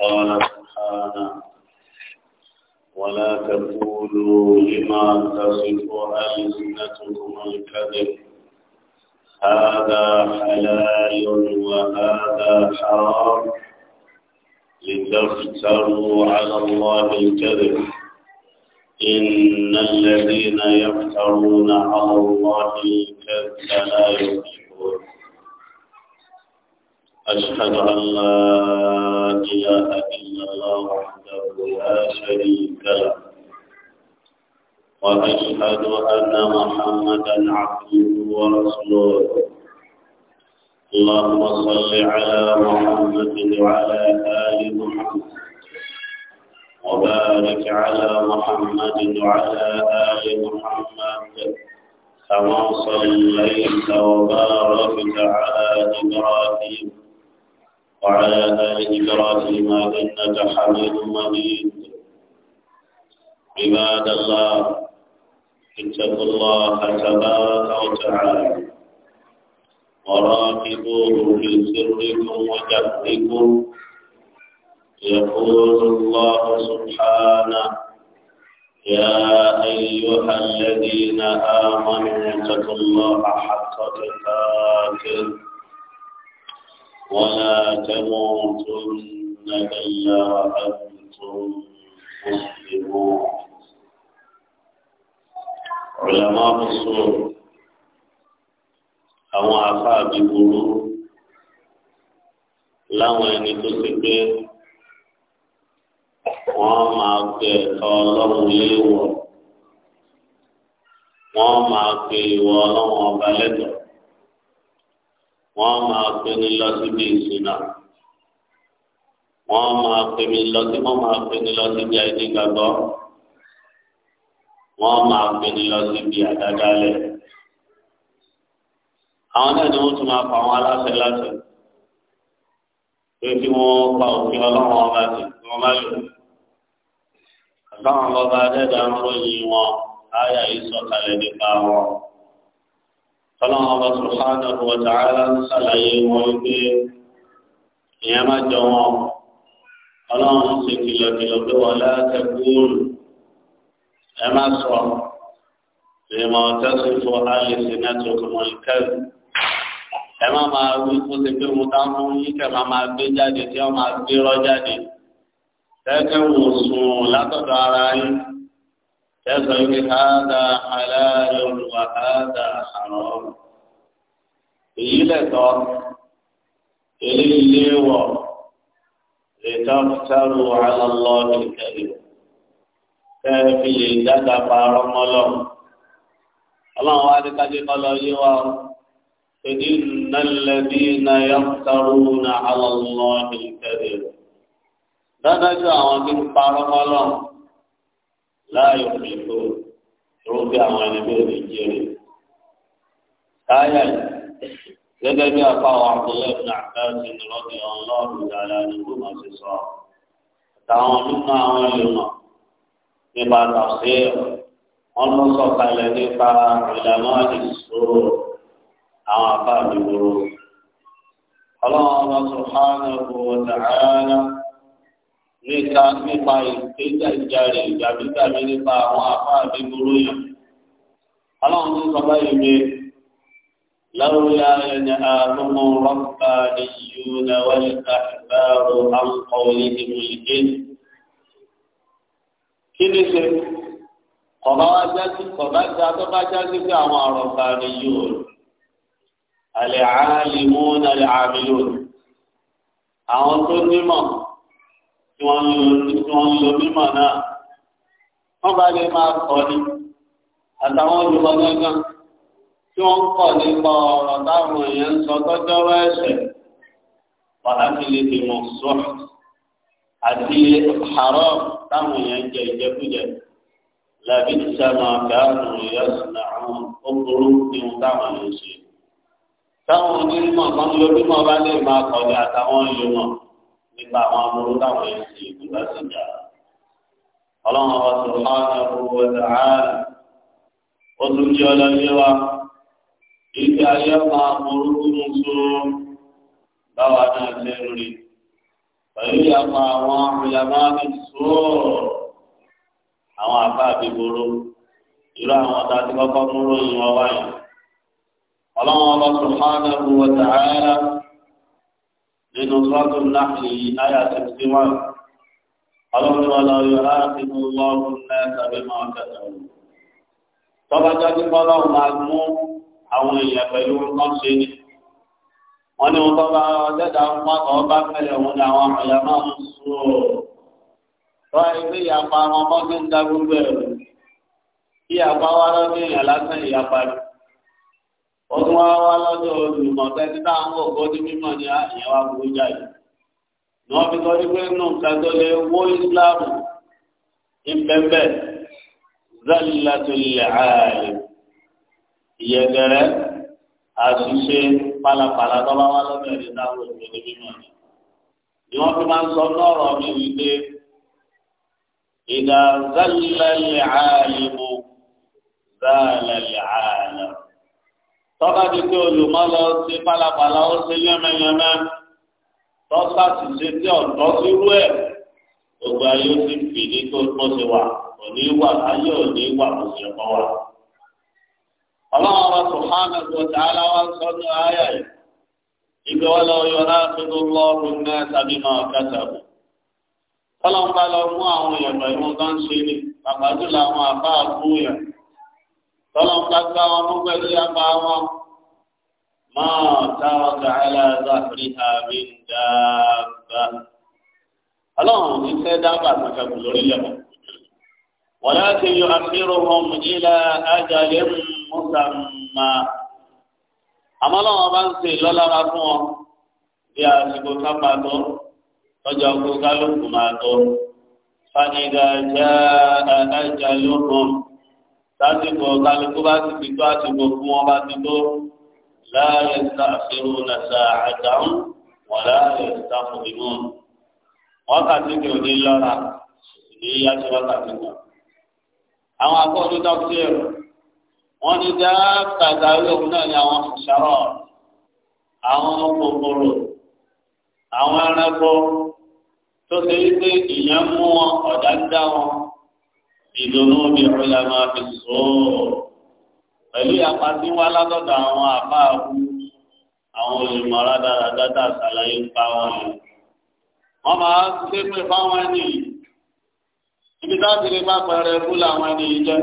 قال سبحانه ولا تقولوا لما تصف ألسنتكم الكذب هذا حلال وهذا حرام لتفتروا على الله الكذب إن الذين يفترون على الله الكذب لا يفلحون أشهد أن لا إله إلا الله وحده لا شريك له وأشهد أن محمدا عبده ورسوله اللهم صل على محمد وعلى آل محمد وبارك على محمد وعلى آل محمد كما صليت وباركت على إبراهيم وعلى آل إبراهيم إنك حميد مجيد عباد الله اتقوا الله تبارك وتعالى وراقبوه في سركم وجهركم يقول الله سبحانه يا أيها الذين آمنوا اتقوا الله حق تقاته ولا تموتن إلا وأنتم مسلمون علماء الصور àwọn afáàbí burú láwọn ẹni tó ti pé wọ́n máa gbé ẹ̀tọ́ ọlọ́run léèwọ̀ wọ́n máa gbé ìwọ ọlọ́run ọba lẹ́tọ̀ọ́ wọ́n máa pè mí lọ síbi ìṣúná wọ́n máa pè mí lọ sí wọ́n máa pè mí lọ síbi àìní gbàgbọ́ wọ́n máa pè mí lọ síbi àdádálẹ̀ àwọn náà ni wọ́n tún máa pa àwọn aláṣẹ láṣẹ pé kí wọ́n pa òfin ọlọ́run ọba sí kí wọ́n má lò àbáwọn ọba adẹ́dàá ń ròyìn wọn láyà yìí sọ̀kalẹ̀ nípa wọn fọlọ́n ọba subhanahu wa ta'ala ṣàlàyé wọn wípé ìyẹn má jọ wọn ọlọ́run ṣe kìlọ̀kìlọ̀ pé wọn láti kúrò ẹ má sọ lèmọ̀ tẹ́sí fún alẹ́sì náà tó kọ̀ mọ́ ìkẹ́rù ẹ má máa wí kó ṣe pé mo dá fún yín kẹ́ máa máa gbé jáde tí wọ́n máa gbé rọ́ jáde tẹ́kẹ́ wò sùn látọ̀dọ̀ ara yín tẹ́sán wí hádà halálùn wà hádà haram. èyí lẹ́tọ́ eléyìí léwọ̀ lè tọ́kítàrú àlọ́lọ́ nìkẹ́lẹ́ kẹ́ẹ̀fì lè dáta parọ́ mọ́lọ́. ọlọ́run wá ní kájí kọ́lọ́ yé wa فإن الذين يفترون على الله الكذب. لا نجا وان بارك الله láàyò pẹ̀lú irú bí àwọn ẹni bẹ́ẹ̀ lè jẹ́rìí. Táyà gẹ́gẹ́ bí afáwọn Abdullahi bin Abbas rọ́bì ọlọ́ọ̀rù dára ní gbọ́mọ̀ sí sọ. Àtàwọn nínú àwọn ìlúmọ̀ nípa tàfsíì wọn lọ sọ kalẹ̀ nípa ìlànà ìṣòro àwọn afáàdìgbòrò. Ọlọ́run ọba Subhanahu wa ta'ala nípa nípa ìkéjà ìjà rẹ̀ ìjàmítàmí nípa àwọn afá àdébúró yàn. aláwọn tó sọ báyìí pé láwùjá ẹni àdúgbò rọ́pà ní ìlú náwàlì àìbáàrò àǹkọ̀wé ìmùlẹ̀kẹ́. kí ni ṣe kọ̀bá jáde kọ̀bá jáde tó bá jáde pé àwọn àrọ̀bà ni yóò àlẹ́ àálìmú náà lè àwọn tó nímọ̀ tí wọ́n ń lo tí wọ́n ń lo mímọ̀ náà wọ́n bá lè máa kọ́ ni àtàwọn olùkọ́ gángan tí wọ́n ń kọ́ nípa ọ̀rọ̀ táwọn èèyàn ń sọ tọ́jọ́ ẹ̀ṣẹ̀ wàhálà lè fi mọ̀ sọ́ àti àárọ̀ táwọn èèyàn jẹ ìjẹkújẹ làbí ìsàmà káàdùn ìyàsùnà àwọn ọkùnrin ní wọn táwọn èèyàn ṣe táwọn onímọ̀ kan lórí mọ̀ bá lè máa kọ́ ni àtàwọn olùmọ̀ nípa àwọn aburú táwọn èèyàn sì ìgbà sí ìjà. ọlọ́run ọba sọ̀rọ̀ máa ń sọ owó ẹ̀sẹ̀ àárẹ̀. ó tún jẹ́ ọlọ́yẹ wa. ìgbé ayé máa burúkú mú sóró báwa náà ṣe rí. pẹ̀lú ìyàpá àwọn ìyàmá ní sóòrò àwọn àbá àbíboró. irú àwọn ọ̀tá tí kọ́kọ́ múrò yìí wáyé. ọlọ́run ọba sọ̀rọ̀ máa ń sọ owó ẹ̀sẹ̀ àárẹ̀ nínú sọ́tún láàrin yìí àyà sixty one ọlọ́run wà lọ́yọ̀ láti mú lọ́rùn náà tàbí máa tẹ̀sán. tọ́ba jáde bọ́lá ò máa mú àwọn èèyàn pẹ̀lú nǹkan ṣe ni. wọ́n ní wọn bọ́ba ọ̀dẹ́dà ń wá kọ́ bá fẹ́lẹ̀ wọn ni àwọn àyà máa ń sùn ó. tọ́ ẹgbẹ́ ìyapa wọn bọ́ sí ń dá gbogbo ẹ̀rù. bí wa lọ́dún ìyà lásán ìyapa rẹ̀ wọ́n tún wá wá lọ́dọ̀ olùmọ̀tẹ́ títà ń bọ̀ kó ní mímọ̀ ní àyẹ̀ wá burú jáde. ni wọ́n fi sọ́jú pé nù kẹ́tọ́ lé wó islam ìpẹ́pẹ́ zálìlátòlẹ̀ ààrẹ ìyẹ̀gẹ̀rẹ́ àṣìṣe pálapàla tó bá wá lọ́dọ̀ ẹ̀dẹ̀ táwọn òṣèlú ní mímọ̀ ni. ni wọ́n fi máa ń sọ lọ́rọ̀ mi wípé ìdá zálìlẹ̀ ààrẹ mú zálìlẹ̀ ààrẹ tọ́ba di pé olùmọ́ lọ sí pálapàla ó ṣe yánmẹ́yánmẹ́ tọ́sà sì ṣe tí ọ̀tọ́ sí rú ẹ̀ gbogbo ayé ó ti fi ní kó tó ṣe wà òní wà ayé òní wà kò sì ọkọ wà. ọlọ́run ọba sùhánà kò tà á láwá sọ ní ayà yìí ìgbé wọn lọ yọ náà fi tó lọ ọdún náà tàbí máa bù. ọlọ́run bá lọ mú àwọn èèyàn pẹ̀lú wọn bàbá jùlọ àwọn àbá àbúrò tọ́lọ́n bá gbá wọn mú pẹ̀lú yàgbá wọn. máa táwọn kàálà záfìrí àmì dáadáa. ọlọ́run ní fẹ́ dábàá kankan kù lórí lẹ́wọ̀n. wọ́n yá ti yọ àfihàn wọn ìlà ajalẹ̀ mùsàmà. àmọ́ lọ́wọ́ bá ń ṣe ìlọ́lára fún wọn bí àsìkò kápá tó lọ́jọ́ kó kálukú máa tó. fanidà já àdájà sásìkò kálukú bá ti fi tó àsìkò fún wọn bá ti tó láàyè sàfihàn nàṣà àdáhùn wọn láàyè sàfihàn wákàtí kì í ní lọ́ra ní yíyáṣẹ wákàtí kan. àwọn akọ́jú dọ́kítẹ́rù wọ́n ní dá kàdáwé òun náà ní àwọn àṣàrọ̀ àwọn kòkòrò àwọn ẹranko tó ṣe wípé ìyẹn mú wọn ọ̀dá dá wọn ìdùnnú bí ọlọmọ fi sọ pẹ̀lú yàtọ̀ tí wọn alátọdọ àwọn àbáàbù àwọn olùmọ̀ra dáradára àṣàlàyé ń pa wọn lọ wọn máa ń ké pé fáwọn ẹni ibi táàbí lè bá pẹrẹ kú làwọn ẹni yìí jẹ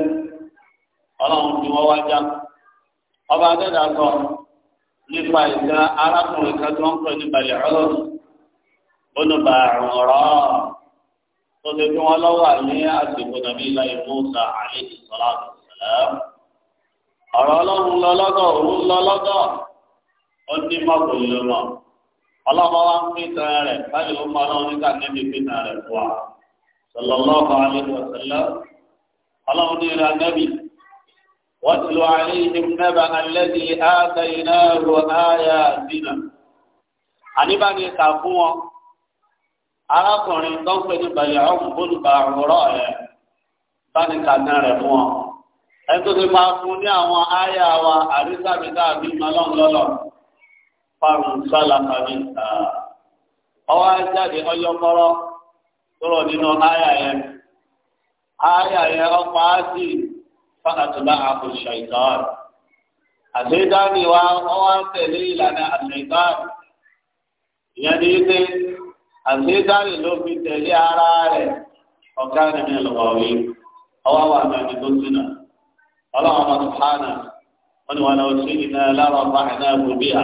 Ọlọ́run tí wọn wá já ọba adẹ́dà sọ nípa ìgbà arákùnrin kan tó ń pè ní balẹ̀ ọlọ́run ó ní bàrùn rọ́ọ̀ tọ́jú bí wọ́n lọ́wọ́ ní àsìkò nàbí ìlàyé mọ́sá àlejò sọ́lá àdùsálàm. ọ̀rọ̀ ọlọ́run lọ́lọ́dọ̀ òun lọ́lọ́dọ̀ ó ní mọ́kùnrin lọ́mọ. ọlọ́mọ wa ń pín tan rẹ̀ báyìí ó máa lọ́wọ́ nígbà níbi pín tan rẹ̀ fún wa. sallallahu alaihi wasallam ọlọ́run ní ìlà nẹ́bì. واتل عليهم نبأ الذي آتيناه آياتنا. àníbàní kà fún wọn arákùnrin tó ń pè ní balẹ̀ ọ̀hún bólúba àrùrọ̀ ẹ̀ báni rẹ̀ fún ọ. ẹ tó ti máa fún ní àwọn àyà wa àbí fáwọn ta. ọwọ́ ajáde ọyọ́ tọrọ nínú àyà yẹn. àyà yẹn ọkọ̀ á sì wa ọwọ́ tẹ̀lé ìlànà ìyẹn àgbéjáde ló fi tẹ̀lé ara rẹ̀ ọ̀gá rẹ̀ ní ẹlọ́wọ́wé ọwọ́ àwọn àgbà ní tó sínú ọlọ́wọ́ ọmọ sùhánà wọn ni wọn lọ sí iná lára ọba àná gbòbí à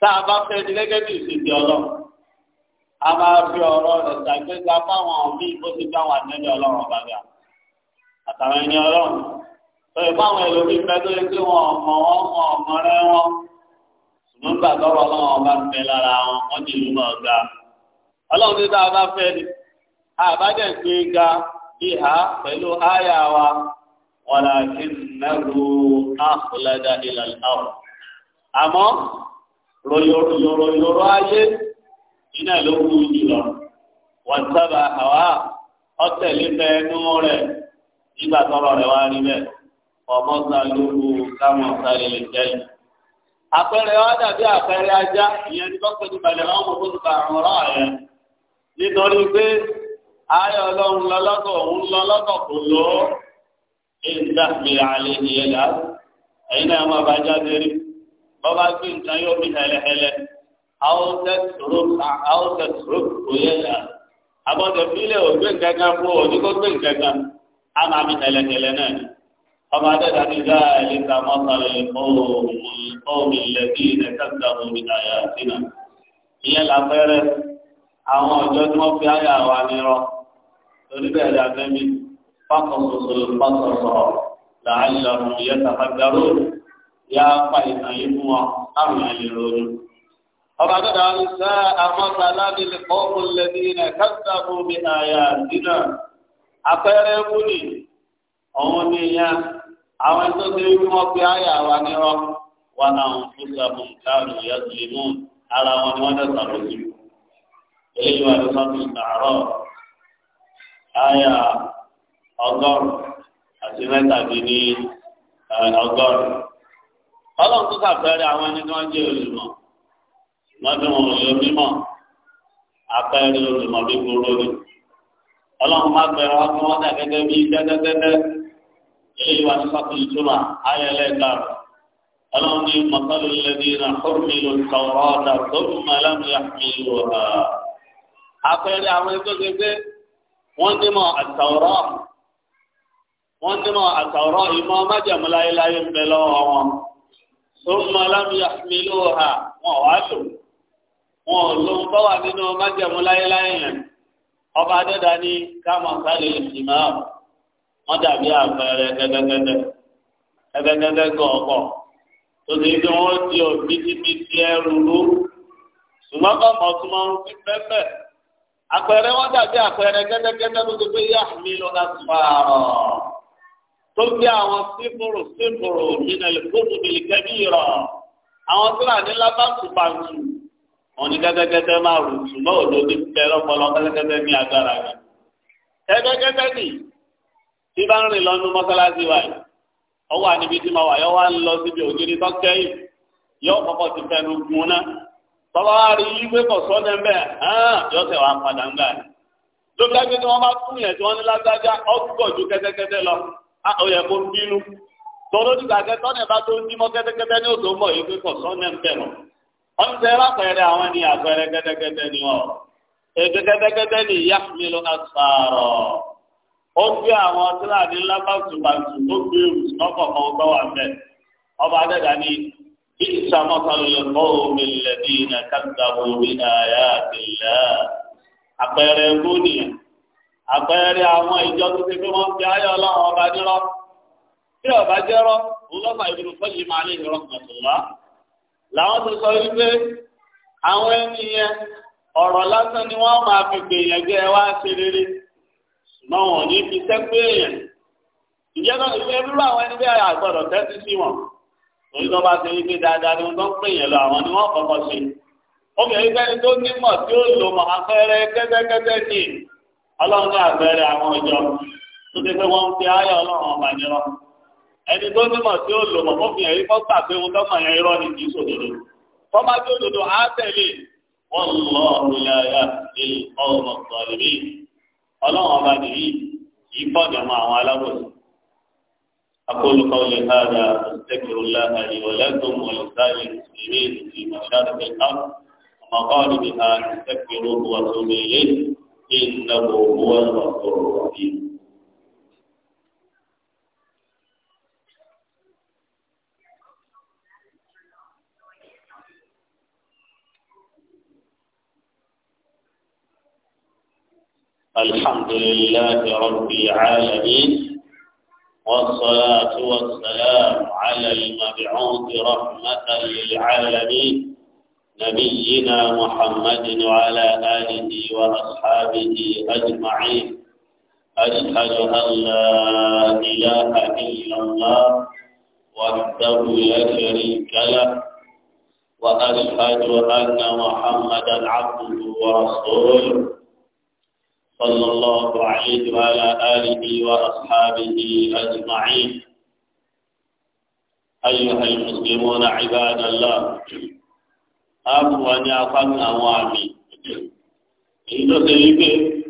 tá a bá fẹ́ ní gẹ́gẹ́ bí ìsìnkú ọlọ́run a máa fi ọ̀rọ̀ rẹ̀ ṣàgbéga fáwọn míì bó ti dáwọn àtẹ́lé ọlọ́run ọba àtàwọn ẹni ọlọ́run pẹ̀lú fáwọn ẹlòmíín fẹ́ tó yẹ kí wọ́n ọmọ ọmọ ọmọ rẹ wọn ṣùgbọ́n gbàgbọ́ ọlọ́run ọba ń bẹ lára wọn wọ́n ti lù mọ́ ọ̀gá ọlọ́run ní dáa bá fẹ́ ni àbájá ìpè ga ìhà pẹ̀lú àyà wa wàlá kí nàró àkùlẹ̀dà ìlànà ọ̀rọ̀. àmọ́ ròyòròyòrò ayé iná ló wú jùlọ wọ́n sábà àwa ọ̀tẹ̀lé fẹ́ẹ́nú rẹ̀ nígbà tọrọ rẹ̀ wá rí bẹ́ẹ̀ ọmọọ̀sá lóru káwọn sáré lè jẹ́yìn. àpẹẹrẹ wa dàbí àpẹẹrẹ ajá ìyẹn ní bọ́pẹ́ ní balẹ̀ wọn kò tó ti bá àwọn ọ̀rọ̀ yẹn nítorí pé ayọ̀ ọlọ́run lọ lọ́tọ̀ òun lọ lọ́tọ̀ kò lọ ìdáhùn àlẹ́ nìyẹn dá ẹ̀yin náà máa bá jáde rí bọ́bá gbé nǹkan yóò fi hẹlẹhẹlẹ àwọn tẹ̀sùrù kò yẹ dá àbọ̀dọ̀ fílẹ̀ ò gbé nǹkan kan fún òní kó gbé nǹkan kan á máa mi hẹlẹhẹlẹ náà ni ọmọ adẹ́ta ní dáàlì ta mọ́sálẹ̀ ọ̀hún ọ̀hún ìlẹ̀bí ìlẹ̀kẹ́ta omi àyà sínú ìyẹn làpẹ́rẹ́ àwọn ọjọ́ tí wọ́n fi àyà wa nírọ̀ oníbẹ̀ dà mẹ́mi fákọ̀sọ̀sọ̀ fákọ̀sọ̀ làálà fún yẹ tàbàgbàrò yá pa ìtàn yìí fún wọn láwọn àyè lórí. ọba dada ń sẹ́ àmọ́ta láti lè kọ́ ọ́n lẹ́ni rẹ̀ káṣíkà fún mi àyà dínà àpẹẹrẹ wúni ọ̀hún ni yá àwọn tó ti rí fi àyà wa nírọ̀ wọn àwọn fúnṣà fún káàdù yẹ tìlímù ara wọn ni wọn dẹ̀ sàrọ̀ eléyìí wà lọ́sọ̀ tó sàárọ̀ àyà ọgọ́rùn àti mẹ́tàbí ní ọgọ́rùn. ọlọ́run tó sàpẹẹrẹ àwọn ẹni tí wọ́n jẹ́ olùmọ̀ lọ́dún òye mímọ̀ apẹẹrẹ olùmọ̀ bí gbòòrò ni. ọlọ́run má pẹ̀rọ wọn kí wọ́n dà gẹ́gẹ́ bí tẹ́tẹ́tẹ́tẹ́ eléyìí wà lọ́sọ̀ tó ìtura àyà ẹlẹ́ẹ̀kárùn. ọlọ́run ní mọ̀tọ́lù lẹ́dí náà kọ́rùmí lọ́sọ̀rọ̀ ọ̀dà tó àpẹẹrẹ àwọn ẹgbẹ́ gbẹgbẹ wọ́n dé mọ́ àtàwọ̀rọ̀ wọ́n dé mọ́ àtàwọ̀rọ̀ ìmọ̀ májàmú láéláé ń bẹ lọ́wọ́ wọn tó ń mọ lámìyà mílò ha wọn wá lò wọn ò lóun bá wà nínú májàmú láéláé yẹn ọba adẹ́dá ní kámọ̀ sálẹ̀ ìsìnmọ́ wọn dàbí àpẹẹrẹ gẹ́gẹ́gẹ́gẹ́ gẹ́gẹ́gẹ́gẹ́ gọ̀ọ̀gọ̀ tó ti di wọn di òbí ti fi ti ẹrù rú ṣùgbọ́n kọ́ mọ̀ tó máa ń fi pẹ́pẹ́ àpẹẹrẹ wọn dàbí àpẹẹrẹ kẹ́tẹ́kẹ́tẹ́ tó ti pé yá mi lọ la fàárọ̀ tó bí àwọn sífòrò sífòrò nínú kóòtù nìkẹ́bí rọ̀ àwọn tó wà ní lábàtú pàtó wọn ní kẹ́tẹ́kẹ́tẹ́ máa rù ṣùgbọ́n òdo ti tẹ lọ́pọlọ kẹ́tẹ́kẹ́tẹ́ ní agbára rẹ̀ kẹ́tẹ́kẹ́tẹ́ nì tí bá ń rìn lọ́nu mọ́sálásí wa yìí ọwọ́ àníbi tí ma wà yọ wá ń lọ síbi ògiri tọ́kẹ́yìn yọ kọ́kọ́ ti fẹnu gun náà tọ́ba wa rí i pé kọ̀sọ́ ní bẹ́ẹ̀ hàn yóò tẹ̀ wá padà ń gbà ní. lóbi dájú ni wọ́n bá fún yẹn tí wọ́n ní lágbájá ọ̀gbọ̀ ju kẹ́tẹ́kẹ́tẹ́ lọ ó yẹ kó bínú. tọ́lọ́ nígbà kẹtọ́ ní bá tó ń dímọ́ kẹ́tẹ́kẹ́tẹ́ ní òtò mọ̀ yìí pé kọ̀sọ́ ní bẹ́ẹ̀ lọ. wọ́n tẹ lápẹ̀rẹ̀ àwọn ní àpẹẹrẹ kẹ́tẹ́kẹ́tẹ́ ni ọ̀ ètò kẹ́tẹ́kẹ́tẹ́ ni ìyá mi ló ká sàárọ̀ ó gbé àwọn tíláàdínlábàtúbàtú ó gbé òrùsùn ọkọ̀ kan gbọ́ wà ni بئس مثل القوم الذين كذبوا بآيات الله àpẹẹrẹ ẹgbó nìyẹn àpẹẹrẹ àwọn ìjọ tó ti fi wọn fi ayé Ọlọ́run ọba nírọ́ tí ọba jẹrọ ńlọfà ìbùdó fọyín máa lè yọrọ mọtòlá làwọn tó sọ wípé àwọn ẹni yẹn ọ̀rọ̀ lásán ni wọn máa fi gbèyàn gbé ẹ wá ṣe rere ṣùgbọ́n wọn ò ní fi sẹgbẹ èèyàn ìjẹbù ìjẹbù àwọn ẹni bí àgbọ́dọ̀ tẹ́tí sí wọn torí tó bá ti rí pé dáadáa ni wọ́n tó ń pè yẹn lọ àwọn ni wọ́n kọ́kọ́ ṣe obìnrin fẹ́ni tó nímọ̀ tí ó lò mọ̀ afẹ́rẹ́ kẹ́tẹ́kẹ́tẹ́ ní ọlọ́run ní àfẹ́rẹ́ àwọn ìjọ tó ti pé wọ́n ń fi ayọ̀ ọlọ́run ọba nírọ̀ ẹni tó nímọ̀ tí ó lò mọ̀ obìnrin yìí kọ́kà pé wọn tọ́kọ̀ yẹn irọ́ ni kì í ṣòdodo fọ́nmá tí ó dodo á tẹ̀lé wọ́n lọ ìyáyà ní ọmọ sọ̀rọ̀ mi ọba nìyí kì àwọn alábòsí أقول قولي هذا أستغفر الله لي ولكم ولسائر المسلمين في مشارق الأرض ومغاربها أستغفروه وأتوب إليه إنه هو الغفور الرحيم الحمد لله رب العالمين والصلاة والسلام على المبعوث رحمة للعالمين نبينا محمد وعلى آله وأصحابه أجمعين أشهد أن لا إله إلا الله وحده لا شريك له وأشهد أن محمدا عبده ورسوله صلى الله عليه وعلى آله وأصحابه أجمعين أيها المسلمون عباد الله أبو أن يقن أوامي إذا سيبه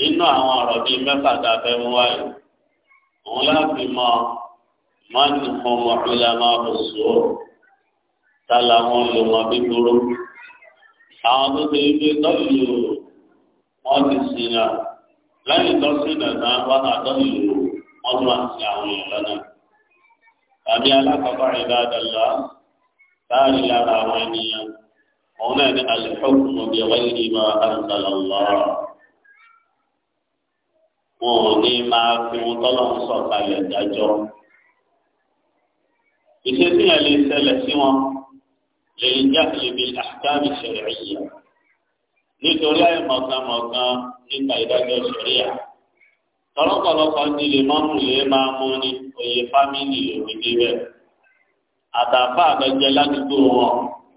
إنه أوام ربي مفتا بموائي ولا بما من هم علماء السور سلام لما بكرو أعوذ بالله wọ́n ti sin náà lẹ́yìn tó sin nàná wọn àtọ́ ìlú wọ́n tún máa sin àwọn èèyàn lọ́nà. tàbí alákọ̀ọ́kọ́ ìdádọ́lá láàrin lára àwọn ènìyàn òun náà ní alẹ́kọ̀ọ́kùn ọ̀bẹ wáyé ní ma àǹtàlọ́lá. wọn ò ní máa fi wọn tọ́lọ́ ń sọ̀kalẹ̀ dájọ́. ìṣesí yẹn lè ṣẹlẹ̀ sí wọn lè jáde bí àkáàmì ṣẹlẹ̀ yìí nítorí àìmọ̀kànmọ̀kàn nípa ìdájọ́ sẹ̀ríà tọ́lọ́pọ̀lọpọ̀ ti lè mọ́mú lè máa mú ní oyè fámìlì lòdì débẹ̀ àtàfà àgbẹ̀jẹ̀ ládùúgbò wọn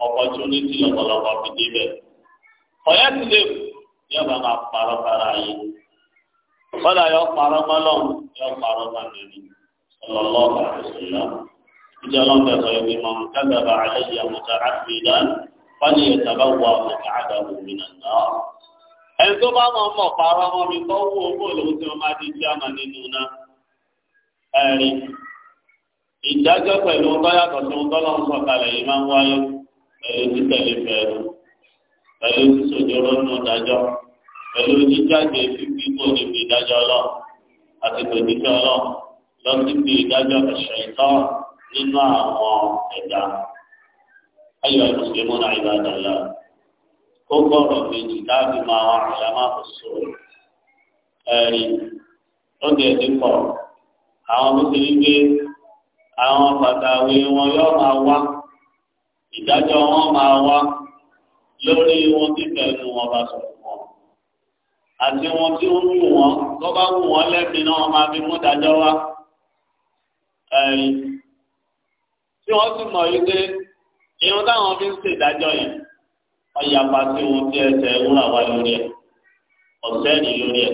opportunity lọ́pọ̀lọpọ̀ fi débẹ̀ ọ̀yẹ́ ti lè yóò bá máa parọ́ para yìí kọ́dà yóò parọ́ mọ́lọ́hún yóò parọ́ mọ́lẹ́ni ọlọ́lọ́ọ̀bà àti sùnà ìjọba ń bẹ̀rẹ̀ ìgbìmọ̀ kẹ́gbẹ̀rẹ̀ àlẹ́ yìí àmọ̀tá àti ìdáná fani ìtàbáwò àmọ̀kàdà òmìnira náà. ẹni tó bá wọn mọ̀ parọ́ wọn mi kọ́ wó owó lòun tí wọ́n máa di tíámà nínú náà. ẹ̀rí ìdájọ́ pẹ̀lú tọ́yàtọ̀ tí wọ́n tọ́lọ́ ń sọ̀kalẹ̀ yìí máa ń wáyé pẹ̀lú títẹ̀lé fẹ́ẹ́rù pẹ̀lú sísòjòrò nù dájọ́ pẹ̀lú jíjáde fífi kó níbi ìdájọ́ lọ àti tòjíṣẹ́ lọ lọ síbi ìdájọ́ ẹ̀ṣẹ̀ ìtọ́ nínú àwọn ẹ̀dá. أيها المسلمون عباد الله كفر من كتاب ما وعلماء السور أي أدي تفر àwọn mùsùlùmí àwọn pàtàkì wọn yóò máa wá ìdájọ́ wọn máa wá lórí wọn tí pẹ̀lú wọn bá sọ fún wọn àti wọn tí ó ń wù wọn tó bá wù wọn lẹ́bi náà máa fi mú dájọ́ wá ẹ̀yìn tí wọ́n sì mọ̀ yìí pé irun táwọn fi ń ṣe ìdájọ́ yìí wọ́n ya pa sí ohun tí ẹsẹ̀ wúrà wá lórí ẹ̀ ọ̀sẹ̀ ní lórí ẹ̀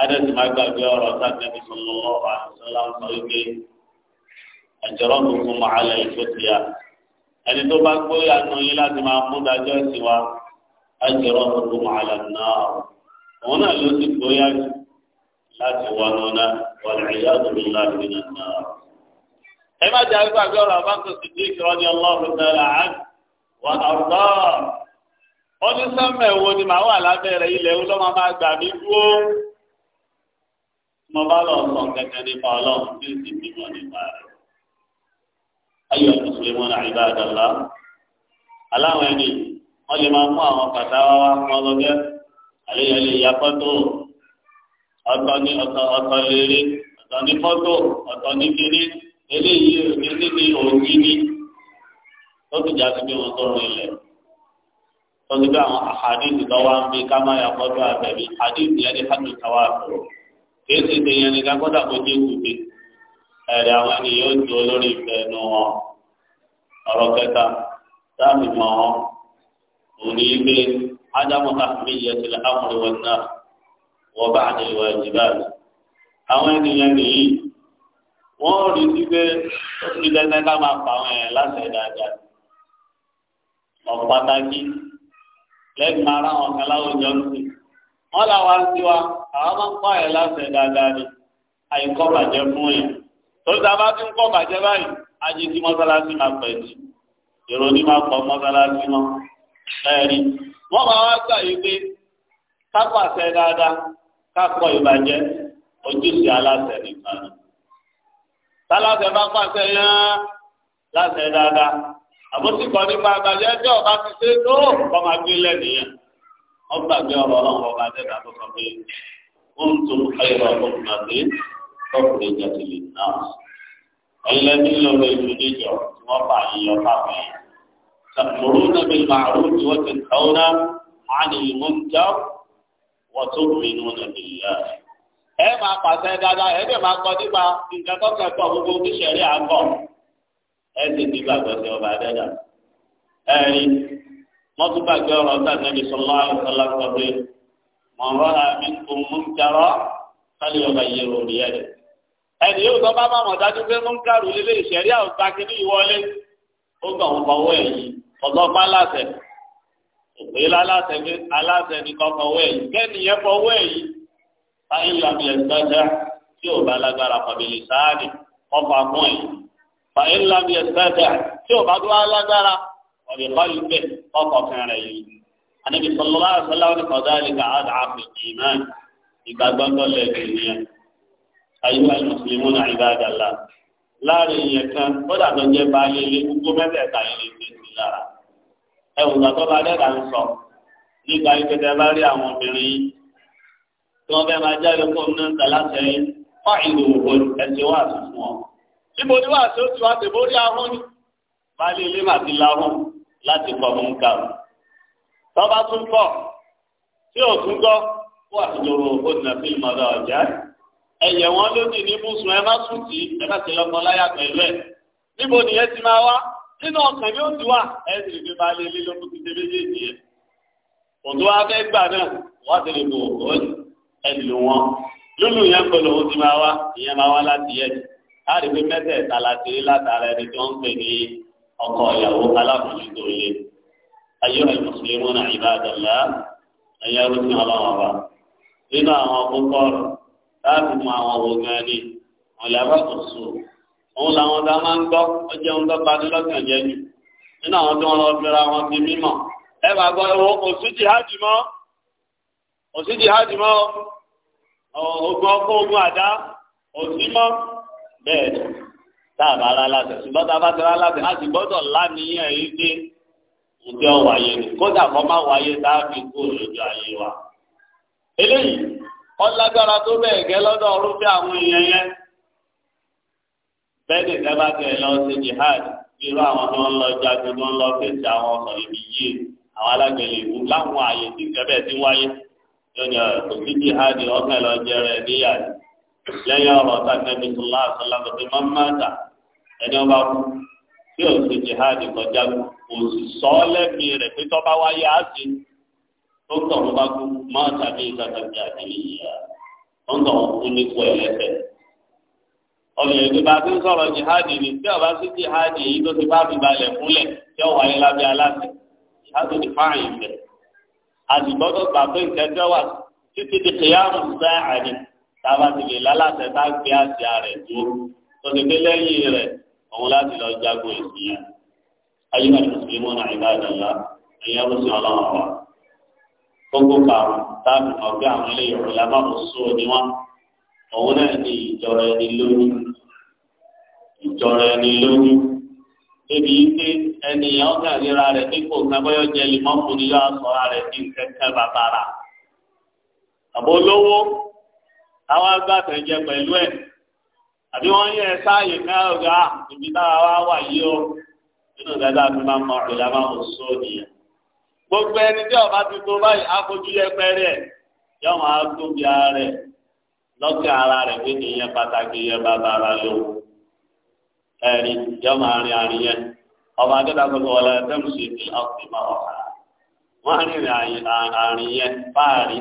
adẹ́sì má gbàgbé ọ̀rọ̀ sáfẹ́bí sọlọ́wọ́ àṣọlá ń sọ wípé ẹ̀jọ̀rọ̀ tuntun máa lẹ̀ ìfòtìyà ẹni tó bá gbóyà nù yín láti máa mú dájọ́ ẹ̀sìn wa ẹ̀jọ̀rọ̀ tuntun máa lẹ̀ náà òun náà ló ti gbóyà láti wọnú náà wọ̀lẹ̀ ìyá àdúgbò láti nà náà ẹ má jẹ́ àgbà bí ọ̀rọ̀ àbákò Siddiq radiyallahu ta'ala anhu wà ọ̀rọ̀ ó ní sẹ́mẹ̀ wo ni màá wà lábẹ́rẹ̀ ilẹ̀ wo ló máa máa gbà mí dúró mo bá lọ sọ kẹkẹ nípa ọlọ́run tí ó sì bímọ nípa rẹ̀ ayọ̀ mùsùlùmí náà ibadallah aláwọn ẹni wọ́n lè máa mú àwọn kàtà wá wá fún ọlọ́gẹ́ àléyàlé ìyàfọ́tò ọ̀tọ̀ ní ọ̀tọ̀ ọ̀tọ̀ lérí ọ̀tọ̀ ní fọ́tò ọ̀tọ̀ ní kíní eléyìí òní níbi òní ní lọ́dún jáde bí wọ́n tọrọ ilẹ̀ lọ́dún bí àwọn àhàdìsì lọ́wọ́ ń bí ká máa yàgbọ́dọ̀ àbẹ̀bí àdìsì yẹn ní hàdù táwa àtọ̀rọ̀ kìí ṣe ṣe yẹn ní ká gbọ́dọ̀ kó jẹ́ kùté ẹ̀rẹ̀ àwọn ènìyàn ń jọ lórí ìfẹ́ nu wọn ọ̀rọ̀ kẹta dáàbì mọ́ wọn òní ilé ádámù àfihàn yẹn ti lọ́ àwọn ènìyàn nìyí wọ́n rí sí pé ó ti lẹ́sẹ̀ ká máa fà àwọn èèyàn láti ẹ̀dá àjà ọ̀pàtàkì lẹ́yìn máa ráwọn kan láwùjọ ń sìn wọ́n làwọn sí wa àwọn máa ń kọ́ ẹ̀ láti ẹ̀dá àjà ni àìkọ́ bàjẹ́ fún yẹn torí tá a bá ti ń kọ́ bàjẹ́ báyìí ajé tí mọ́sálásí máa pẹ̀ jù èrò ní máa pọ̀ mọ́sálásí mọ́ ẹ̀rí wọ́n máa wá gbà yìí pé ká pàṣẹ dáadáa ká kọ ìbàjẹ́ ojúṣe aláṣẹ nìkan ni tálásẹ̀ bá pàṣẹ yán láṣẹ dáadáa àbótí kan nípa àgbàjẹ́ ẹjọ́ ọba ti ṣe tó kọ́ máa gbé lẹ́nìyàn wọ́n gbàgbé ọ̀rọ̀ ọlọ́run ọba dẹ́gbà tó sọ pé wọ́n ń tún ayọ̀rọ̀ ọlọ́run àti tọ́kùnrin jàdìlì náà ẹlẹ́ni lọ́rọ̀ ìlú níjọ tí wọ́n fà yín lọ fáwọn sàmúrú nàbí màrú tí wọ́n ti tàwọn náà wọ́n wọ́n tó mìíràn nàbí yára ẹ máa pàṣẹ dáadáa ẹ dẹ̀ máa kọ nípa nǹkan tó kẹ́kọ̀ọ́ gbogbo oníṣẹ̀rí àgọ́ ẹ sì ti gbàgbọ́ sí ọba dẹ́dà ẹ rí wọ́n tún gbàgbé ọ̀rọ̀ sáà ní sọlá ìsọlá sọ pé mọ̀ ń rọ́ra mi kò mú jarọ́ sálí ọba yìí rò rí ẹ̀ ẹni yóò sọ bá bàmọ̀ dájú pé mú kárù lílé ìṣẹ̀rí àwùjá kìíní ìwọlé ó gbà wọn kọ̀wé ẹ̀yìn ọ̀dọ́gba aláṣẹ òpè aláṣẹ ni kọ̀ọ̀kọ̀wé ẹ̀yìn kẹ́niyẹn kọ̀wé ẹ̀yìn fáyín lami ẹ̀sìtájà tí ò bá lágbára pàbílì sáàdì ọ̀fà fún ẹ̀ fáyín lami ẹ̀sìtájà tí ò bá dúró lágbára ọ̀bì kọ́lù pé ọkọ̀ kan rẹ̀ yìí anabi sọlọ́lá àṣọlá wọn kọ̀ dáàlì ká á dàá fi ìmọ̀ ìgbàgbọ́ tó lẹ̀ nìyẹn ayé wa mùsùlùmí náà ìgbà àdàlà láàrin ìyẹn kan ó dàtọ̀ jẹ́ baálé ilé gbogbo mẹ́tẹ̀ẹ̀ta tí wọ́n fẹ́ máa jáde fún ọmọ náà láti ẹ̀yìn fáìlì òwò ẹ̀sẹ̀ wà sí fún ọ. níbo ni wà sí oṣù àti borí ahọ́n ni baálé ilé màti lahùn láti kọ́ mú ká o. tọ́ba tún kọ́ tí ò tún kọ́ kó àtúndòrò òdìnà fíìmù ọ̀dọ̀ ọ̀já. ẹ̀yẹ̀ wọn ló ní ní bùsùn ẹ má sùn tì ẹ má ti lọ́kọ láyà pẹ̀lú ẹ̀. níbo nìyẹn ti máa wá nínú ọkàn yóò ti wà ẹ sì fi baálé ilé lọ́kùn ti ṣe méjèèjì yẹn. òtún wa fẹ́ gbà náà wọ́n ti lè bò ó ẹni ló wọn lónìí ìyẹn pẹ̀lú òun ti máa wá ìyẹn máa wá láti yẹ láàrin pé mẹ́tẹ̀ẹ̀ta láti rí látara ẹni tó ń pè ní ọkọ ìyàwó alábòjútó ilé ayé ẹlòmùsùlùmí náà ìbádọ́lá ẹ̀yẹ rúfin ọlọ́wọ́ wa nínú àwọn kókó ọ̀rọ̀ láti mú àwọn ogun ẹni ọ̀lẹ́wọ́ kò sùn òun làwọn tá a máa ń gbọ́ ó jẹun tó bani lọ́kàn jẹ́ jù nínú àwọn tó ń lọ fẹ́ra wọn ti mímọ̀ ẹ bá gbọ́ òsì jihadi mọ́ òsì jihadi mọ́ ogun ọkọ̀ ogun àdá òsímọ́ bẹ́ẹ̀ ni táàbà ara láti ṣùgbọ́n táàbà ti ra láti láti gbọ́dọ̀ lánìyàn yìí dé ìjọ wáyé ni kódà kọ́ má wáyé táàbì kú lójú ayé wa. eléyìí ọlágbára tó bẹ́ẹ̀ gẹ́ lọ́dọ̀ ọlọ́fẹ́ àwọn èèyàn yẹn bẹ́ẹ̀ ni sábà tẹ̀ lọ sí jihad irú àwọn tó ń lọ jagun tó ń lọ fèsì àwọn ọ̀sán ibi yìí àwọn alágbèlè ìwú láwọn àyè tí ìjọba ẹ̀ ti wáyé lónìí kò sí jihadi ọkàn lọ jẹrẹ níyà lẹ́yìn ọ̀rọ̀ sàkẹbi sọlá sọlábẹ tó máa ń má dà ẹni ọba kú tí o sì jihadi kọjá kò sì sọ ọ lẹ́mìí rẹ̀ pé tọ́ba wáyé á sí tó ń tọ̀hún bá kú máa tàbí ìsàkàbí àdìyà tó ń tọ̀hún kú ní kú ẹlẹ́sẹ̀. ọ̀nà èdè bá ti ń sọ̀rọ̀ jihadi ni tí ọba sí jihadi yìí tó ti bá fi balẹ̀ fúnlẹ̀ tí ọ̀wáyé lábẹ́ aláṣẹ ìhádùn ìfáàyè bẹ̀rẹ̀ àdìgbọ́dọ̀ gbà pé ìtẹ́jọ́ wà títí di kìyàmù sáà ni tába ti lè lálàtẹ̀ tá gbé àṣà rẹ̀ dúró tó ti pé lẹ́yìn rẹ̀ òun láti lọ jagun ìsìnyà ayélujára mùsùlùmí náà ìbádàlá ẹ̀yìn ẹ̀rọ̀sìn ọlọ́run wa gbogbo kàrún táàbì mọ̀ pé àwọn ilé ìrọ̀ lábá mùsùlùmí ni wọ́n òun náà ní ìjọra ẹni lójú ìjọra ẹni lójú débi pé ènìyàn kàríra rẹ dípò nàbọ́yọ̀ jẹ lìmọ́kù ni yóò sọ̀rọ̀ rẹ̀ ní kẹ́kẹ́ bàbàrà. àbò lówó ka agbátẹ̀jẹ pẹ̀lú ẹ, àbí wọ́n yẹ sáàyè náà rà ibi táwa wá wà yìí o nínú dáadáa mi máa mọ nìyẹn. gbogbo ẹni tí ọba ti tó báyìí afojú ara ara pé nìyẹn pàtàkì lówó ọba adéda gbogbo wọlé ẹdẹmùsì ní ọsìn máa wà hàn wọn rìnrìn àárín yẹn fáàrí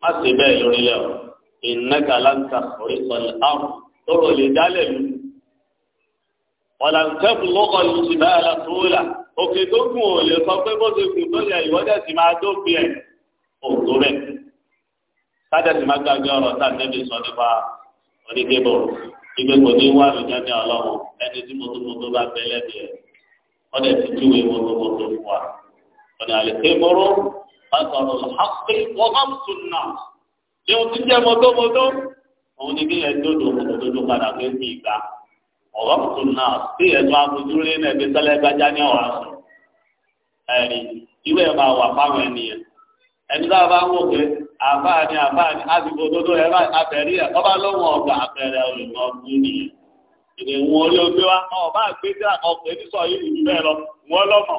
má ṣe bẹ́ẹ̀ lórílẹ̀ o ìnáka láǹkà orí sọlẹ àrùn tó rò lè dálẹ lu ọ̀làǹtẹ́bù lọ́kọ̀ ló ti báyà la tó la òkè tó gùn ò lè sọ pé bó ṣe gùn tó yẹ ìwọ́jà sì máa dópin ẹ̀ òtó rẹ̀ sájà sì máa gbàgbé ọ̀rọ̀ tá a nẹ́bi sọ nípa onígbébọ̀ Ọ lè fi júwe wọn tó wọn tó ọ wa wọn ni àlèkébóró àtọ̀rọ̀ àpè wọn bá tún nà ní o ti jẹ́ na na a bá ń wò ìdèwọ̀n orí ogbe wa ọba àgbésí ọkùnrin ní sọ yìí ní bẹ́ẹ̀ lọ wọ́n lọ́mọ.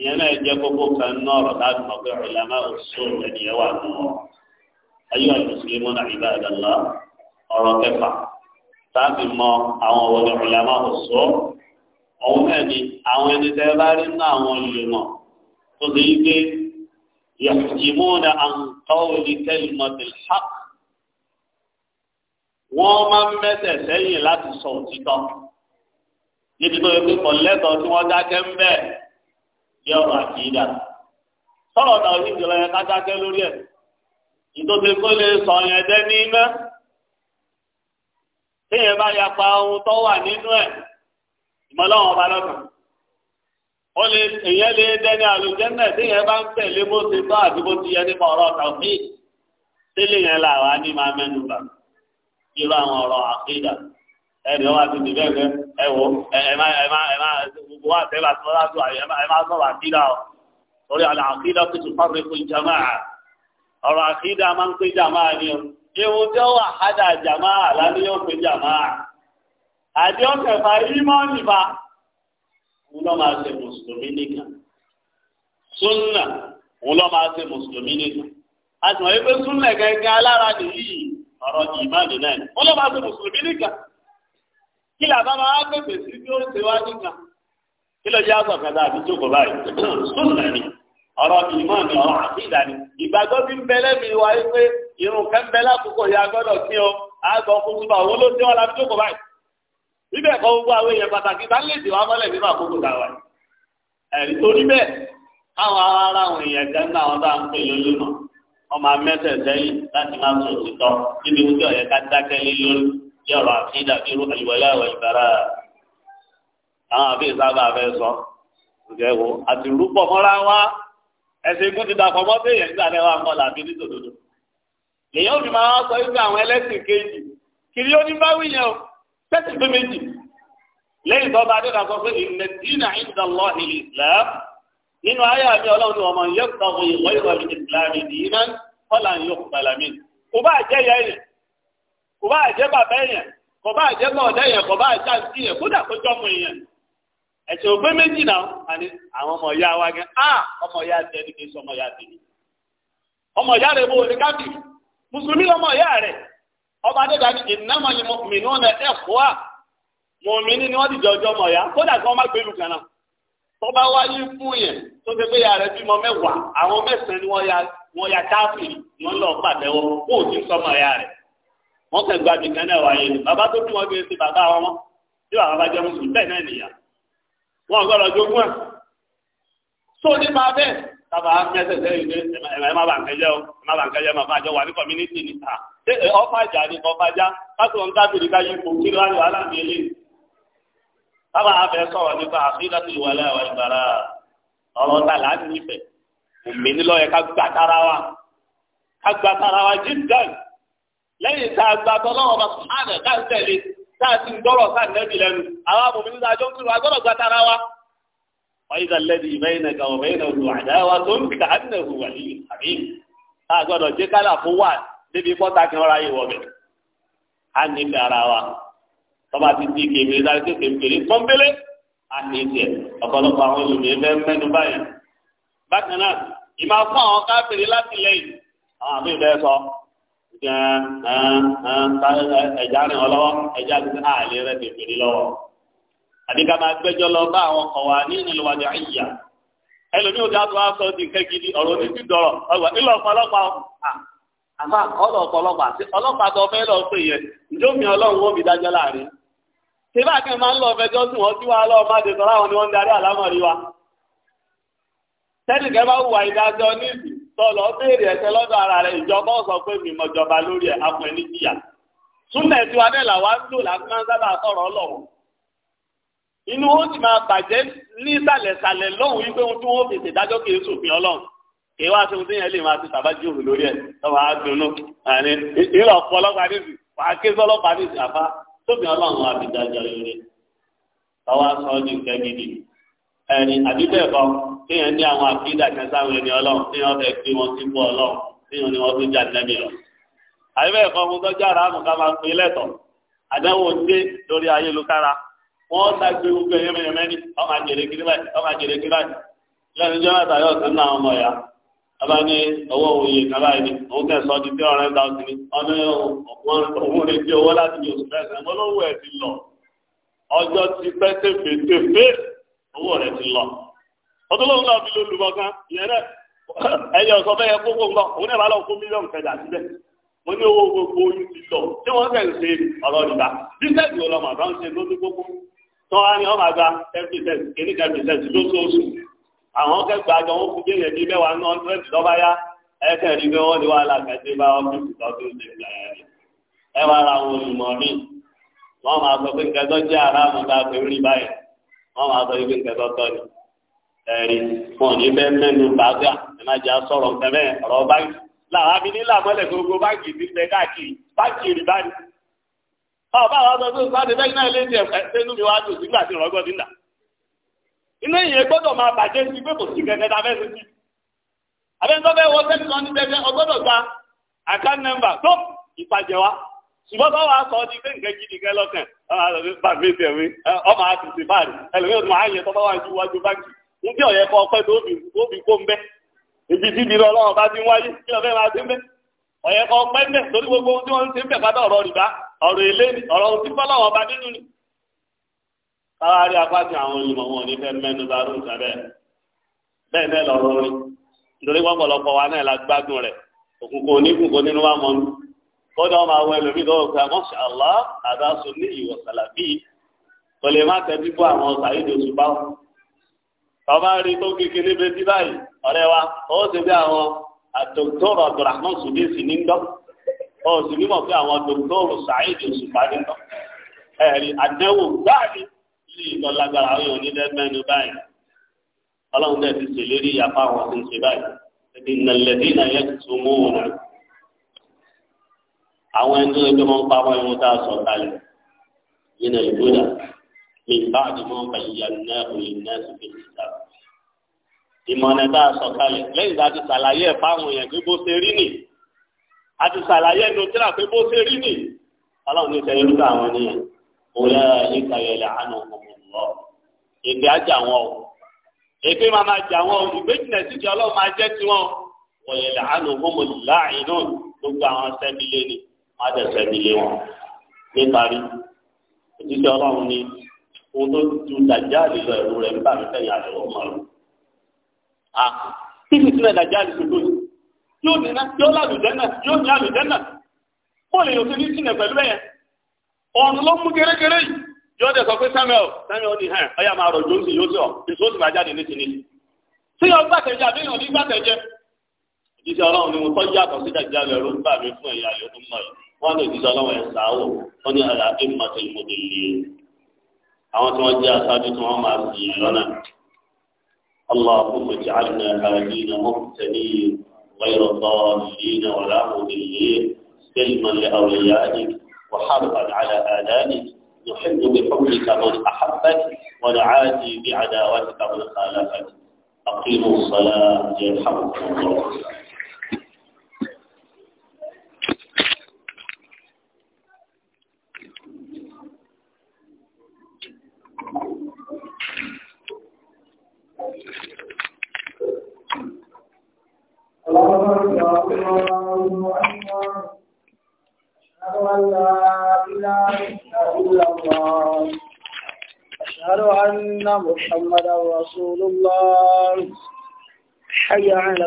ìyẹn náà jẹ́ kókó kan náà ọ̀rọ̀ láti mọ̀ pé ìlànà òṣìṣẹ́ ènìyàn wà nù ọ́. ayé àlùsílẹ̀ mọ́ náà ìgbà àdàlá ọ̀rọ̀ kẹfà láti mọ àwọn ọ̀wọ́dọ̀ ìlànà òṣìṣẹ́ ọ̀hún náà ni àwọn ẹni tẹ́ bá rí nínú àwọn olùmọ̀ tó ti yí pé yàtìmọ́ wọ́n máa ń mẹ́sẹ̀ sẹ́yìn láti sọ òtítọ́ níbi tó yẹ pé kọ̀lẹ́tọ̀ tí wọ́n dákẹ́ ń bẹ̀ bí ọ̀rọ̀ àkìdá sọ̀rọ̀ náà ní ìjọba yẹn ká dákẹ́ lórí ẹ̀ ìtòsí kó lè sọ yẹn dẹ́ ní iná téèyàn bá ya pa ohun tó wà nínú ẹ̀ ìmọ̀lọ́wọ́n ọba lọ́kàn ó lè èyàn lè dẹ́ni àlùjẹ́nà téèyàn bá ń tẹ̀lé bó ti tọ́ àti bó ti yẹ nípa ọ̀rọ̀ tàwọn tẹ́lẹ̀ yẹn làwọn á ní máa mẹ́nu bàbá irú àwọn ọ̀rọ̀ àkéèdà ẹni wọn àti ìdílé ẹgbẹ́ ẹ wò ẹ má ẹ má ẹ má gbogbo wa tẹ bá sọlá tó àyè ẹ má sọ̀rọ̀ àkéèdà o torí àlọ àkéèdà tó tún fáwọn ẹ̀kọ́ ìjàmá ọ̀rọ̀ àkéèdà máa ń pé jàmá ni o ewu tí ó wà hádà jàmá lálẹ́ yóò pé jàmá àti ọkẹ fà ímọ nìfà wọn lọ máa ṣe mùsùlùmí nìkan súnà wọn lọ máa ṣe mùsùlùmí nìkan àtùmọ̀ yìí pé súnà gẹ́gẹ́ alára nìyí ọ̀rọ̀ ìmáàlì náà ni wọ́n lọ́ máa ṣe mùsùlùmí nìkan kí làbá máa pèsè sí bí ó ṣe wá nìkan kí ló jẹ́ àgbà kan láti jókòó báyìí sùnnà ni ọ̀rọ̀ ìmáàlì ọ̀rọ̀ àtìdá ni ìgbàgbọ́ bí ń bẹ lẹ́mi wa yí pé irun kan bẹ lákòókò yà gbọ́dọ̀ sí ọ àgbọ̀ fún gbogbo àwọn olóṣèlú wọn láti jókòó báyìí bíbẹ̀ kọ́ gbogbo àwọn èèyàn pàtàkì bá lè dè wá mọ́lẹ̀ nínú àkókò tàwa ẹ̀rí torí bẹ́ẹ̀ káwọn ará àwọn èèyàn kan náà wọn bá ń pè lólùmọ̀ ọmọ amẹ́sẹ̀ sẹ́yìn láti máa sọ òtítọ́ níbi wípé ọ̀yẹ́ ká dákẹ́ lé lórí bí ọ̀rọ̀ àfihàn irú àyùwọlé àwọn ìbára àwọn àbí ìsábà fẹ́ sọ ǹjẹ́ wo àti rúpọ̀ mọ́ra wá ẹsẹ̀ ikú ti dàpọ̀ mọ́ bẹ́ẹ̀ yẹn gbàdé wa mọ́ làbí ní tòdodo lèyìn òbí máa sọ wípé àwọn ẹlẹ́sìn kejì kiri ó ní bá wí yẹn o tẹ́sí pé méjì lẹ́yìn tó bá dé dàpọ̀ pé ìnẹ̀dínà ìdàlọ́ ìlẹ̀ nínú ayé àmì ọlọ́run ni ọmọ yẹn kọ́ ọmọ ìwọ ìwọ ìwọ ìsìlámì ní iná kọ́là ń yọ kùbàlà mí. kò bá jẹ́ ìyá yẹn kò bá jẹ́ bàbá yẹn kò bá jẹ́ bọ̀ọ̀dẹ́ yẹn kò bá jẹ́ àǹtí yẹn kódà kó jọ́mọ yẹn. ẹ̀sẹ̀ òpé méjì náà àní àwọn ọmọ ìyá wa gẹ́ á ọmọ ìyá tẹ́ ní kí n sọ ọmọ ìyá tẹ́ ní. ọmọ ìyá rẹ̀ wo ni kábì mùsùlùmí lọmọ ìyá rẹ̀ ọba adéga ni ìnáwó ni mọ̀mí ni wọ́n tọ́ba wáyé fún yẹn tó ṣe pé ìyá rẹ̀ bímọ mẹ́wàá àwọn mẹ́sàn-án ni wọ́n ya wọ́n ya káfíìn ni wọ́n lọ pàtẹ́wọ́ kó o ti sọmọ ìyá rẹ̀ wọ́n kàn gba nìkan náà wáyé ni bàbá tó bí wọ́n gbé sí bàbá wọn mọ́ tí bàbá bá jẹ́ mùsùlùmí bẹ́ẹ̀ náà nìyà wọ́n gbọ́dọ̀ jogún ẹ̀ tó nípa bẹ́ẹ̀ bàbá mẹ́sẹ̀sẹ̀ yìí ẹ̀ má bà ń kẹjẹ́ o ẹ̀ má bà ń kẹjẹ́ màfà àjọ wà ní community ni ta ọ̀fàjà ni ọ̀fàjà káṣíwọ̀n káfíìn ká yí kò kí ló wà ní wàhálà ní eléyìí bàbá abẹ sọ̀rọ̀ nípa àfihàn ìwàlẹ̀ àwọn ìbára ọ̀rọ̀ ta là ń nífẹ̀ẹ́ òmìn ní lọ́yẹ̀ ká gba tara wa ká gba tara wa jíjàn lẹ́yìn tá a gba tọ́ lọ́wọ́ bá sùhánà ká ń tá a ti ń dọ́rọ̀ ká nẹ́bi lẹ́nu àwọn amòmìn nígbà jọ ń kúrò agbọ́dọ̀ gba tara wa. وإذا الذي بينك وبينه عداوة كأنه ولي حميم a gbọ́dọ̀ jẹ́ kálà fún wa débi pọ́tà kan ráyè wọ̀ tọ́ba ti di kèmèrè dárí tó kèmèrè pọ́npélé àtẹ̀tẹ̀ ọ̀pọ̀lọpọ̀ àwọn olùdíje bẹ́ẹ̀ mẹ́nu báyìí. bákan náà ìmọ̀ fún àwọn káfíìrì láti lẹ́yìn àwọn àbí ìbẹ́ sọ ẹja rìn ọlọ́wọ́ ẹja ti àlè rẹ̀ kèmèrè lọ́wọ́. àdìgá máa gbẹ́jọ́ lọ bá àwọn kọ̀wá ní ìnìlúwadì àyíyá ẹlòmíì òjò àtúwá sọ di kẹ́gidi ọ̀rọ̀ ní ti dọ̀rọ̀ ọ̀gbà ilé ọ̀pọ̀lọpọ̀ àfa ọ̀dọ̀ ọ̀pọ̀lọpọ̀ àti ọlọ́pàá tó fẹ́ lọ pé yẹn ǹjọ́ mi ọlọ́run ó mi dájọ́ láàrin tẹ́lá kan máa ń lọ fẹjọ́ sùn wọ́n tí wàá lọ́ọ́ má dé sọ́ra àwọn ni wọ́n ń darí àlámọ̀rí wa tẹ́nìkẹ́ bá wùwà ìdájọ́ níìsì tọ́lọ́ béèrè ẹ̀sẹ̀ lọ́dọ̀ ara rẹ̀ ìjọba ọ̀sọ̀ pé mi mọ̀jọba lórí ẹ̀ afọ ẹni jìyà súnmẹ̀ tí wàá dẹ̀ làwa ń lò láti máa ń sábà sọ̀rọ̀ ọlọ́wọ́ inú ó sì máa bàjẹ́ ní ìsàlẹ̀sàlẹ̀ lọ́hùn wípé ohun tí wọ́n fi ṣèdájọ́ kì í sòfin wá sí ohun tí yẹn lè máa ti tàbájú òru lórí ẹ̀ lọ́wọ́ á dunnú àní ìlọ̀ ọlọ́pàá níbi wàá ké sọ́lọ́pàá níbi àbá tóbi ọlọ́run àbídájọ rere ọwọ́ aṣọ ọdún kẹ́gidi ẹni àbíbẹ̀kọ kéèyàn ní àwọn àkídà ẹni ọlọ́run kéèyàn fẹ́ gbé wọn sí fún ọlọ́run kéèyàn ní wọn tó jà nẹ́mi lọ. àbíbẹ̀kọ mo tọ́jú ara àmì ká máa pè lẹ́tọ̀ àdánwò dé lórí ayélujára wọ́n gbogbo ẹ̀yẹ́mẹ̀yẹ́mẹ́ ọmọ àjèrè ọmọ àjèrè lẹ́nu jọ́nà kaba ní owó òye kaba yìí òun kẹsàn ọdún tí ọ̀rẹ́ ta sí ni ọdún òun lè di owó láti ní oṣù mẹ́sàn-án olówó ẹ ti lọ ọjọ́ ti pẹ́ tẹfẹtẹfẹ owó rẹ ti lọ ọdún lóun náà fi lólu bọkàn ìyẹn rẹ ẹyẹ ọsọ bẹyẹ kókó ńlọ òun náà bá lọ kó mílíọ̀nù kẹjà síbẹ̀ mo ní owó gbogbo oyún ti lọ tí wọ́n fẹ́ẹ̀ ṣe ọ̀rọ̀ nígbà bísẹẹsì ọlọmọ àbá ń ṣe lójú gbogbo tí wọ́n á ní ọmọ àgbà ten percent kìíní lóṣooṣù àwọn kẹgbẹ́ àjọ wọn kú jẹ́yẹ̀ bíi mẹ́wàá ní ọ̀ndrẹ́dì lọ́ba yá ẹ̀kẹ́ rí bí wọ́n ní wàhálà kẹ́tẹ́ bá ọ́fíìsì tọ́tù ní ìgbà yẹn ni. ẹ wá ra àwọn olùmọ̀ mi wọ́n máa sọ pé nǹkan tó jẹ́ aráàlú bá fi rí báyìí wọ́n máa sọ pé nǹkan tó ni. ẹ̀rí wọn ní bẹ́ẹ̀ mẹ́nu bàgà ẹ má jẹ́ sọ̀rọ̀ fẹ́mẹ́ làwọn abiní làmọ́lẹ̀ gbogbo báńkì ti fẹ́ káàkiri báńkì rí báyìí. ọ̀ inú èyàn gbọ́dọ̀ máa bàjẹ́ sí pé kò sí gẹ́gẹ́ ta fẹ́ sí. abẹ́ńtọ́ fẹ́ wọ sẹ́kítọ́ ní tẹ́tẹ́ ọgbọ́dọ̀ gba account number tó ìpàjẹ́ wa ṣùgbọ́n bá wa sọ ọ́ di pé nǹkan gidi gẹ́ lọ́kàn bàbá ètò ẹ̀wé ọmọ àtúntì báàrí ẹlòmíràn máa yẹ tọ́ bá wà ju wájú báńkì ń bí ọ̀yẹ́ kọ́ ọpẹ́ tó fi kó ń bẹ́ ibi tí ìdílé ọlọ́run bá ti ń wáyé kí lọ́fẹ́ máa ti ń bẹ́ ọ̀yẹ́ kọ́ ọpẹ́ ń bẹ́ torí gbogbo ohun tí wọ́n ń ṣe ń bẹ̀ pátá ọ̀rọ̀ rìbá ọ̀rọ̀ èlé ni ọ̀rọ̀ ohun tí fọ́lọ́wọ́n bá nínú ni táwa rí apáti àwọn olùmọ̀ wọn ò ní fẹ́ mẹ́nu bá rò sábẹ́ bẹ́ẹ̀ bẹ́ẹ̀ lọ́rọ́ rí nítorí pọ́pọ́lọpọ̀ wa náà la gbádùn rẹ̀ òkùnkùn oníkùnkùn nínú wa mọ́nu kódà ọmọ àwọn ẹlòmíì lọ́wọ́ pé àmọ́ṣe àlá àdáṣọ ní ìwọ̀ sàlàbí kò lè má tẹ́tí bọ́ àwọn sàyídò ṣùgbá wọn. ọba rí tó kékeré níbi tí báyìí ọ̀rẹ́ wa ó ti bí àwọn dókítọ́rù Abdulrahman ní ndọ́ ó sì nímọ̀ gbáàdì tó lágbára àwọn yòó ní dẹ́gbẹ́nu báyìí ọlọ́run náà ti ṣèlérí ìyàpá àwọn tó ń ṣe báyìí ẹ̀dín nàlẹ́dí náà yẹ tuntun mú wọn rẹ̀ àwọn ẹni tó ń gbé wọn pa wọn ẹ̀wọ̀n tá a sọ kalẹ̀ nínú ìgbóná mi bá àdìmọ́ bàyíyá náà òyìn náà sì fi ti ta ìmọ̀nà tá a sọ kalẹ̀ lẹ́yìn tá a ti ṣàlàyé ẹ̀ fáwọn èèyàn pé ṣe rí nì a ti ṣàlàyé ẹ̀ nùtírà pé ṣe rí nì ọlọ́run ní sẹ́yìn lókè àwọn ènìyàn òun yára yíká yẹlẹ̀ àánú ọmọ lọ èdè ajá wọn o èké máa ma jà wọn o ìgbéjìnà síbi ọlọ́run máa jẹ́ tiwọn wọ́n yẹ làánù fúnmu láàánú gbogbo àwọn sẹ́mílẹ̀ ni wọ́n ọlọ́run ni ohun tó ju dàjà rẹ̀ ọmọ rẹ̀ a kí ni sílẹ̀ dàjà yóò ní yóò yóò ní kó lè yọ sí yóò dẹ̀ sọ pé samuel samuel ní hàn ọ̀yà máa rọ̀ jòǹsì yóò sọ èso sì máa jáde létí nílì tí yọ gbàtẹ̀jẹ́ àbí yọ ní gbàtẹ̀jẹ́ ìdíje ọlọ́run ni mo tọ́jú àtọ̀ sí dàjà rẹ̀ ló ń gbà mí fún ẹ̀yà rẹ̀ tó ń mọ̀ yìí wọ́n lè ìdíje ọlọ́run ẹ̀ sáwò wọ́n ní àlà ẹ̀ máa tẹ̀lé mo délé àwọn tí wọ́n jẹ́ aṣáájú tí wọ́n máa sì yàn lọ́nà اللهم اجعلنا هادين مهتدين غير ضالين ولا مضلين سلما لأوليائك وحربا على آلائك نحب بحبك من أحبك ونعادي بعداوتك من خالفك أقيموا الصلاة يرحمكم الله الله أكبر الله أكبر أن لا إله إلا الله أشهد أن محمدا رسول الله حي على